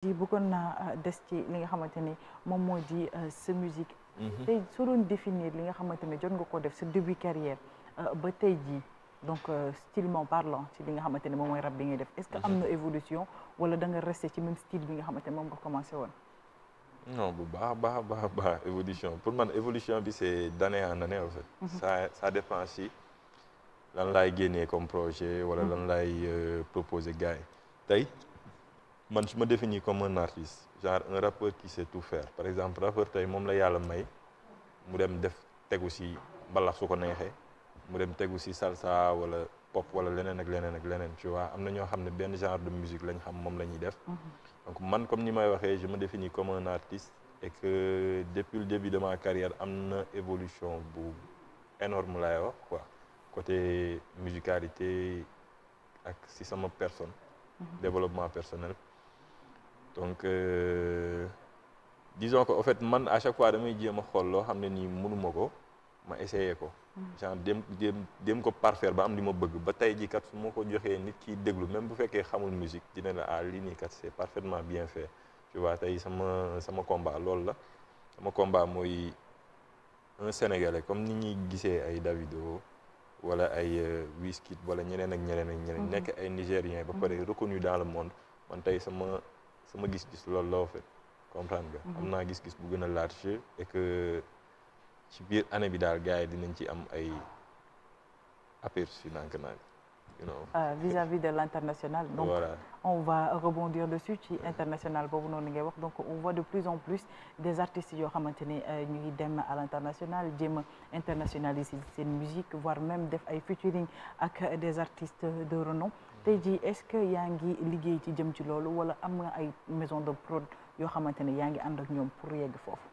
ji bëggoon naa euh, des ci li nga xamante ni moom moo di euh, sa musique mhm. tey soo doon définir li nga xamante ni jot nga ko def sa début carrière euh, ba tey jii donc stylement parlant ci li nga xamante ni moom mooy rap bi ngay def est-ce que am mhm. na évolution wala da nga resté ci même style bi nga xamante ni moom nga commencé woon non bu baax baax baax baax évolution pour man évolution bi c'est d'année en année sa fait mhm. ça ça dépend lan laay génnee comme projet wala lan laay proposer gars man su ma définis comme un artiste genre un rappeur qui sait tout faire par exemple rappeur tey moom la yàlla may mu dem def tegu si mbalax su ko neexee mu dem tegu si salsa wala pop wala leneen ak leneen ak leneen tu waa am na ñoo xam ne benn genre de musique lañ xam moom la ñuy def mhm. donc man comme ni may waxee je me définis comme un artiste et que depuis le début de ma carrière am na évolution bu énorme lay wax quoi côté musicalité ak si sama personne mhm. développement personnel donc euh, ko que fait man à chaque fois damay jéem a xool loo xam ne nii mënuma ko ma essayer ko. Mm. genre dem dem dem ko parfaire ba am li ma bëgg ba tey ji kat su ma ko joxee nit kiy déglu même bu fekkee xamul musique dina la ah lii nii kat c'est parfaitement bien fait tu vois tey sama sama combat loolu la sama combat mooy un sénégalais comme ni ñuy gisee ay Davido wala ay euh, Wizkid wala ñeneen ak ñeneen ak ñeneen. Mm-hmm. nekk ay nigériens ba pare mm-hmm. reconnu dans le monde man tey sama. sama gis-gis lool la en fait comprendre mhm. am naa gis-gis bu gën a large et que ci biir année bi daal gars yi dinañ ci am ay aperçu nank naa you know. ah vis-à-vis de l'international. donc voilà. on va rebondir dessus ci international boobu noonu ngay wax donc on voit de plus en plus des artistes yoo xamante ne euh, ngi dem à l'international jéem a si seen musique voire même def ay featuring ak des artistes de renom. tey jii est-ce que yaa ngi liggéey ci jëm ci loolu wala am nga ay maison de prod yoo xamante ne yaa ngi ànd ak ñoom pour yegg foofu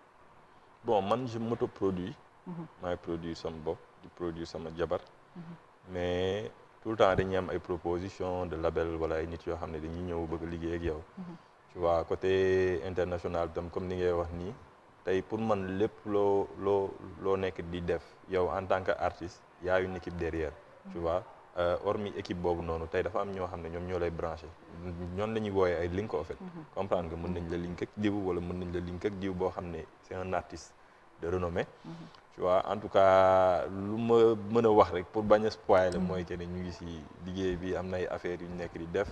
bon man je m'autoproduis mhm. maay produire sama bopp di produire sama jabar mhm. mais tout le temps dañuy am ay proposition de label wala ay nit yoo xam ne dañuy ñëw bëgg liggéey ak yow mhm. tu vois côté international tam comme ni ngay wax nii tey pour man lépp loo loo loo nekk di def yow en tant que artiste yaayu a une équipe derrière tu Euh, hormis équipe boobu noonu tey dafa am ñoo xam ne ñoom ñoo lay branché ñoon la ñuy wooyee ay link en fait mhm. comprendre mën nañ la link ak diw wala mën nañ la link ak jiw boo xam ne c'est un artiste de renommée mhm. tu en tout cas lu ma mën a wax rek pour bañ a spoiler mhm. mooy que ne ngi si liggéey bi am na ay affaires nekk di def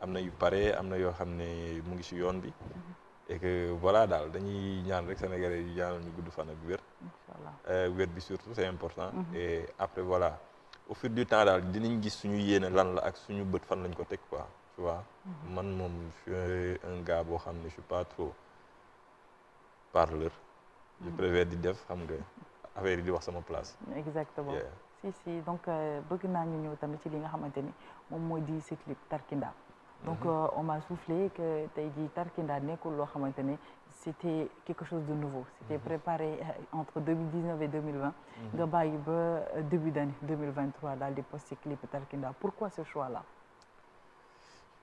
am na yu pare am na yoo xam ne mu ngi si yoon bi et daal dañuy ñaan rek sénégalais yi ñu gudd fan ak wér euh, wér bi surtout c'est important et après voilà au fil du temps daal dinañ gis suñu yéene lan la ak suñu bët fan lañ ko teg quoi tu vois. Mhm. man moom je un gars boo xam ne je suis pas trop parleur. je mhm. préfère di def xam nga affaire yi di wax sama place. exactement yeah. si si donc euh, bëgg naa ñu ñëw tamit ci li nga xamante ni moom mooy di si clip Tarkinda. donc mhm. euh, on m'a soufflé que tey jii tarkinda nekkul loo xamante si c'était quelque chose de nouveau c'était mhm. préparé euh, entre 2019 et 2020 mhm. nga bàyyi ba euh, début d'année 2023 daal di posté clip tarkinda pourquoi ce choix la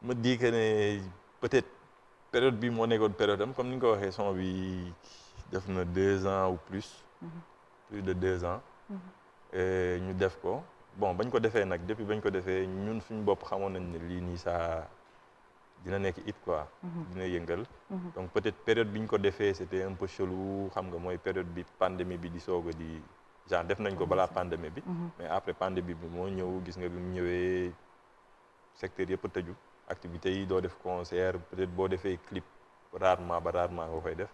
ma di que ne peut-être période bi moo nekkoon période am comme ni nga ko waxee son bi def na deux ans ou plus plus de deux ans ñu def ko bon bañ ko defee nag depuis bañ ko defee ñun suñu bopp xamoon nañ ne nii saa dina nekk it quoi. Mhm. dina yëngal. Mhm. donc peut-être période bi ñu ko defee c'était un peu chelou xam nga mooy période bi pandémie bi di soog a di genre def nañ ko balaa mhm. pendemie bi. mais après pandémie bi moo ñëw gis nga bi mu ñëwee secteur yëpp a tëju activité yi doo def concert peut-être boo defee clip rarement ba rarement nga koy def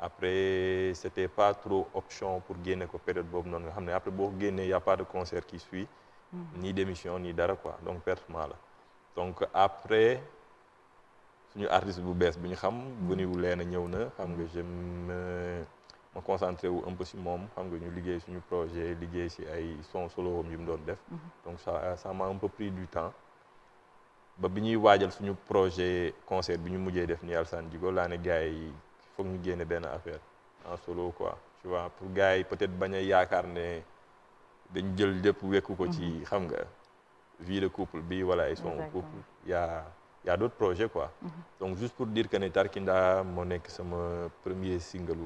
après c'était pas trop option pour génne ko période boobu noonu nga xam ne après boo génnee y a pas de concert qui suit. ni démission nii dara quoi donc pertement la donc après. suñu artiste bu bees bi ñu xam veniwu leen a ñëw na xam nga je me ma concentré wu un peu si moom xam nga ñu liggéey suñu projet liggéey si ay son solo am yu mu doon def mhm. donc ça ça m'a un du temps ba bi ñuy waajal suñu projet concert bi ñu mujjee def ni Alsane jigo laa ne gars yi foog ñu génne benn affaire en solo quoi tu vois pour gars yi peut-être bañ a yaakaar ne dañ jël lépp wekku ko ci mhm. xam nga vie de couple bi wala ay son couple yaa y a d'autres projets quoi. Mm -hmm. donc juste pour dire que ne Tarkinda moo nekk sama premier single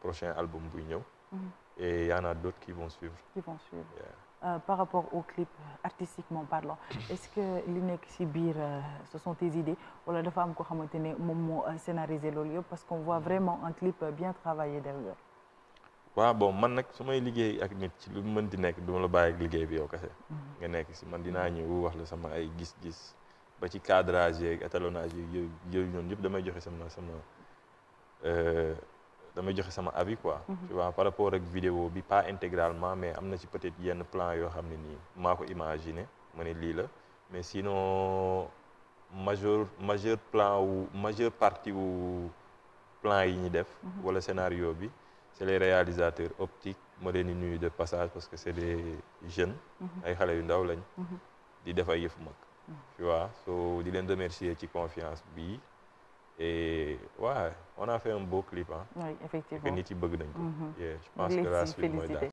prochain album buy ñëw. Mm -hmm. et a d'autres qui vont suivre. qui vont suivre yeah. Euh, par rapport au clip artistiquement parlant est-ce que li nekk ci biir euh, ce sont tes idées wala dafa am ko xamante ne moom moo euh, scénarisé loolu yëpp parce qu'on voit mhm. vraiment un clip bien travaillé derrière. man nag su may liggéey ak nit ci lu mën di nekk du ma la bàyyi ak liggéey bi yow kese. Mhm. nga nekk si man dina ñ wax la ay gis-gis. ba ci cadrage yeeg étalonnage yeeg yooyu yooyu ñoom damay joxe sama sama euh, damay joxe sama avis quoi. Mhm. tu par rapport ak vidéo bi pas intégralement mais am na ci peut-être yenn plan yoo xam ne nii maa ko imaginé ma ne lii la mais sinon majeur majeur plan wu majeur parti wu plan yi ñu def. Mhm. wala scénario bi c'est les réalisateurs optiques ma leen di nuyu de passage parce que c'est des jeunes. Mhm. ay xale yu ndaw lañ. di def ay tu vois so di leen remercier ci confiance bi et waaw ouais, on a fait un beau clip ah. oui effectivement que bëgg nañ ko. Mhm. je pense que la mooy daal.